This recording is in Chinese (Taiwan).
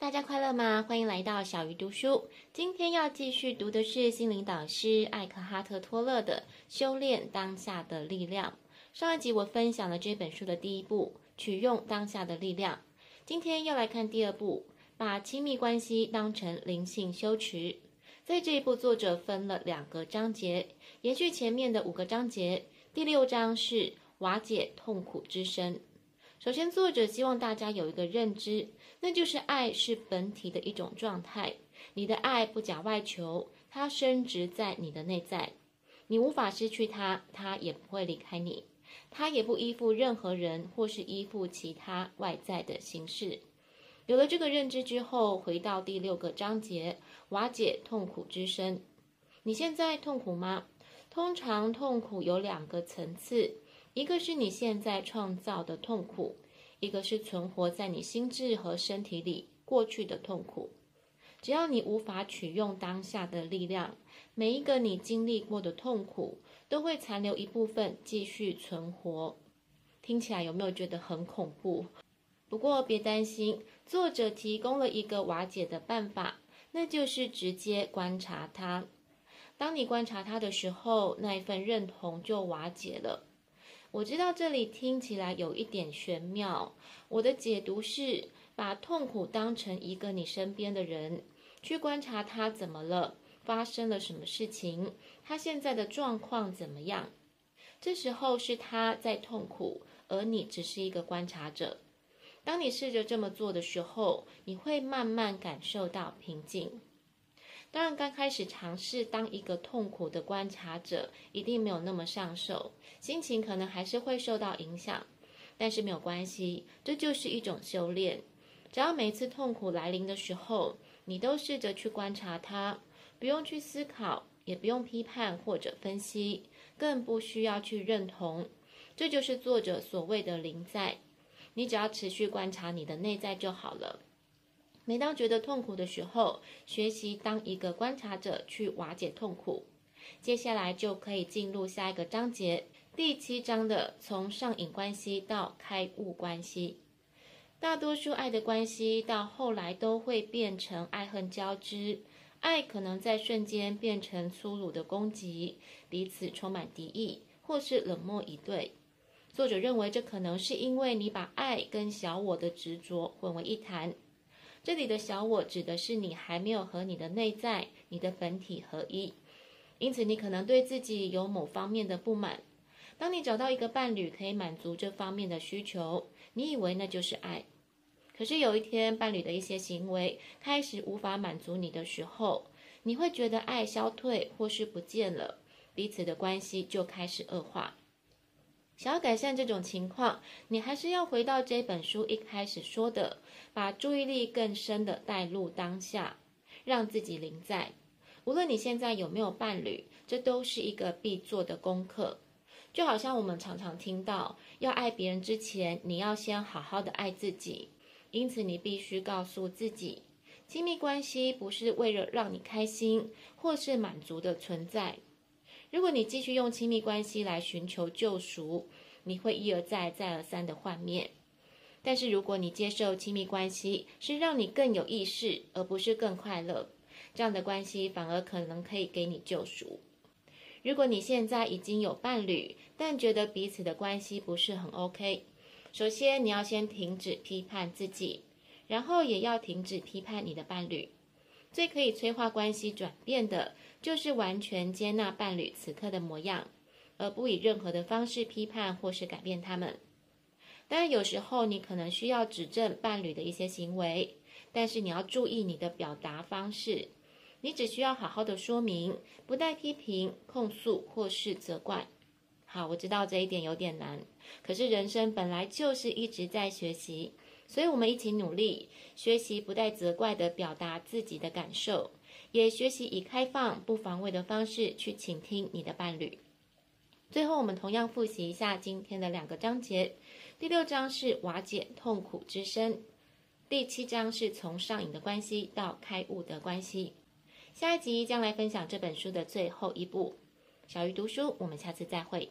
大家快樂嗎？歡迎來到小魚讀書。今天要繼續讀的是心靈導師艾克哈特·托勒的《修煉當下的力量》。上一集我分享了這本書的第一部，取用當下的力量。今天要來看第二部，把親密關係當成靈性修持。在這一部作者分了兩個章節，延續前面的五個章節。第六章是瓦解痛苦之身。首先，作者希望大家有一個認知，那就是愛是本體的一種狀態。你的愛不假外求，它深植在你的內在，你無法失去它，它也不會離開你，它也不依附任何人或是依附其他外在的形式。有了這個認知之後，回到第六個章節，瓦解痛苦之身。你現在痛苦嗎？通常痛苦有兩個層次。一個是你現在創造的痛苦，一個是存活在你心智和身體裡過去的痛苦。只要你無法取用當下的力量，每一個你經歷過的痛苦都會殘留一部分繼續存活。聽起來有沒有覺得很恐怖？不過別擔心，作者提供了一個瓦解的辦法，那就是直接觀察它。當你觀察它的時候，那一份認同就瓦解了。我知道這裡聽起來有一點玄妙，我的解讀是把痛苦當成一個你身邊的人，去觀察他怎麼了，發生了什麼事情，他現在的狀況怎麼樣。這時候是他在痛苦，而你只是一個觀察者。當你試着這麼做的時候，你會慢慢感受到平靜。當然，剛開始嘗試當一個痛苦的觀察者，一定沒有那麼上手，心情可能還是會受到影響，但是沒有關係，這就是一種修煉。只要每次痛苦來臨的時候，你都試着去觀察它，不用去思考，也不用批判或者分析，更不需要去認同，這就是作者所謂的臨在。你只要持續觀察你的內在就好了。每當覺得痛苦的時候，學習當一個觀察者去瓦解痛苦。接下來就可以進入下一個章節，第七章的從上癮關係到開悟關係。大多數愛的關係到後來都會變成愛恨交織，愛可能在瞬間變成粗魯的攻擊，彼此充滿敵意，或是冷漠以對。作者認為，這可能是因為你把愛跟小我的執着混為一談。這裡的小我指的是你還沒有和你的內在、你的本體合一，因此你可能對自己有某方面的不滿。當你找到一個伴侶可以滿足這方面的需求，你以為那就是愛。可是有一天，伴侶的一些行為開始無法滿足你的時候，你會覺得愛消退或是不見了，彼此的關係就開始惡化。想要改善這種情況，你還是要回到這本書一開始說的，把注意力更深的帶入當下，讓自己臨在。無論你現在有沒有伴侶，這都是一個必做的功課。就好像我們常常聽到，要愛別人之前，你要先好好的愛自己。因此，你必須告訴自己，親密關係不是為了讓你開心或是滿足的存在。如果你繼續用親密關係來尋求救贖，你會一而再、再而三的幻滅。但是，如果你接受親密關係是讓你更有意識，而不是更快樂，這樣的關係反而可能可以給你救贖。如果你現在已經有伴侶，但覺得彼此的關係不是很 OK，首先你要先停止批判自己，然後也要停止批判你的伴侶。最可以催化關係轉變的，就是完全接納伴侶此刻的模樣，而不以任何的方式批判或是改變他們。當然，有時候你可能需要指正伴侶的一些行為，但是你要注意你的表達方式。你只需要好好的說明，不帶批評、控訴或是責怪。好，我知道這一點有點難，可是人生本來就是一直在學習。所以，我們一起努力學習，不帶責怪的表達自己的感受，也學習以開放、不防衛的方式去傾聽你的伴侶。最後，我們同樣複習一下今天的兩個章節：第六章是瓦解痛苦之身，第七章是從上癮的關係到開悟的關係。下一集將來分享這本書的最後一部。小魚讀書，我們下次再會。